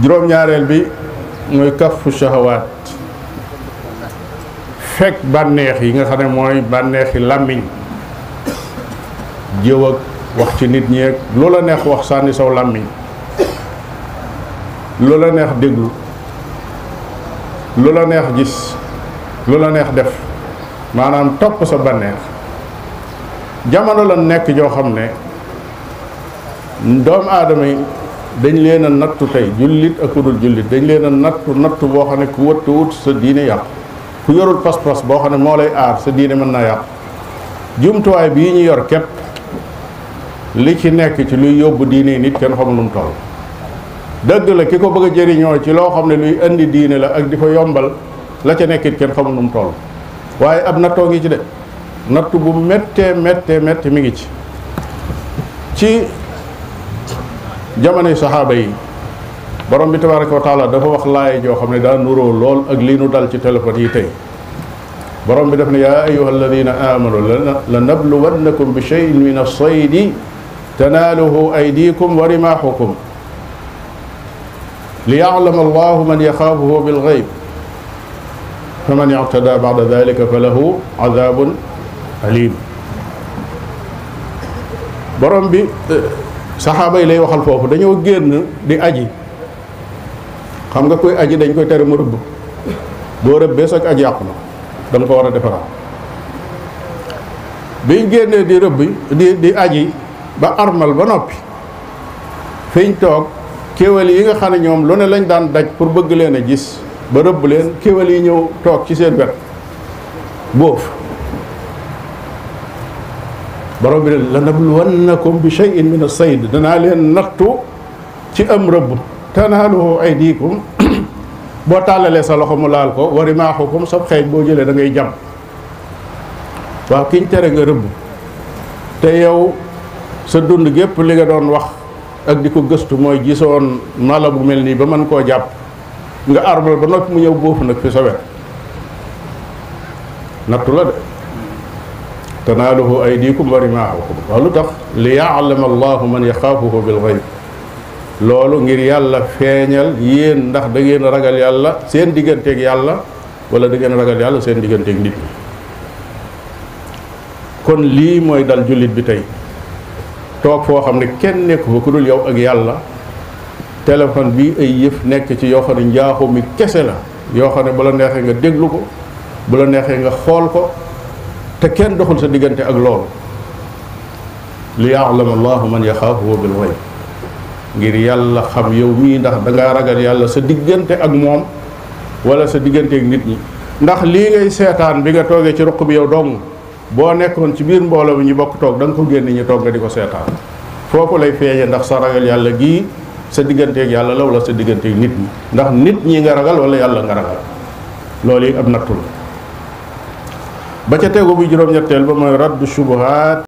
juróom-ñaareel bi muy kafu shahawaat fekk bànneex yi nga xam ne mooy bànneexi làmmiñ jëw ak wax ci nit ñi ak lu la neex wax sànni saw làmmiñ lu la neex déglu lu la neex gis lu la neex def maanaam topp sa bànneex jamono la nekk joo xam ne doomu aadama yi dañ leen a nattu tey jullit ak ku jullit dañ leen a nattu nattu boo xam ne ku wëttuwut sa diine yàqu ku yorul pas-pas boo xam ne moo lay aar sa diine mën naa yàqu jumtuwaay bii ñu yor képp li ci nekk ci luy yóbbu diine nit kenn xamul lu mu dëgg la ki ko bëgg a jëriñoo ci loo xam ne luy indi diine la ak di ko yombal la ca nekkit kenn xamul nu mu waaye ab nattoo ngi ci de natt bu méttee méttee métti mi ngi ci ci jamonoy saxaaba yi borom bi tabaraka wa taala dafa wax laaye joo xam ne daa nuroo lool ak lii nu dal ci téléphone yi tey borom bi def ne yaa ayuha alladina amanu la nabluwannakum bi cheyin min assaydi tanaaluhu aydikum wa rimaaxukum li yaclama allahu man yaxaafuhu bilxayb faman ictada bacda dalika fa lahu cadaabun alim borom bi saxaaba yi lay waxal foofu dañoo génn di aji xam nga koy aji dañ koy tere mu rëbb boo rëbbee sag aji yàqu na da ko war a defaraat biñ génnee di rëbb di di aji ba armal ba noppi fiñ toog kéwél yi nga xam ne ñoom lu ne lañ daan daj pour bëgg leen a gis ba rëbb leen kéwél yi ñëw toog ci seen wet boof borom bi ne lanabluwannakum bi shay'in min as-sayd danaa leen nattu ci am rëbb tanaaluhu aydikum boo tàllalee sa loxo mu laal ko ko mu sab xeej boo jëlee da ngay jàmm waaw kiñ tere nga rëbb te yow sa dund gépp li nga doon wax ak di ko gëstu mooy gisoon mala mel nii ba mën koo jàpp nga armal ba noppi mu ñëw boofu nag fi sa wet nattu la de tanaaluhu aydikum wa rimaahukum loolu tax li yaalama allahu man yaxaafuhu bil gayb loolu ngir yàlla feeñal yéen ndax da ngeen ragal yàlla seen digganteek yàlla wala da ngeen ragal yàlla seen digganteeg nit ñi kon lii mooy dal jullit bi tey toog foo xam ne kenn nekku fa ku dul yow ak yàlla téléphone bi ay yëf nekk ci yoo xam ne njaaxu kese la yoo xam ne bu la neexee nga déglu ko bu la neexee nga xool ko te kenn doxul sa diggante ak loolu li ya'lam allahu man yaxaafuhu bil gayb ngir yàlla xam yow mii ndax dangaa ragal yàlla sa diggante ak moom wala sa diggante ak nit ñi ndax lii ngay seetaan bi nga toogee ci ruq bi yow dong boo nekkoon ci biir mbooloo bi ñu bokk toog da ko génne ñu toog nga di ko seetaan foofu lay feeñe ndax sa ragal yàlla gii sa digganteeg yàlla la wala sa digganteeg nit ñi ndax nit ñi nga ragal wala yàlla nga ragal loolu yi ab ba ca tegu bu juróom-ñetteel ba mooy raddu shubuhaat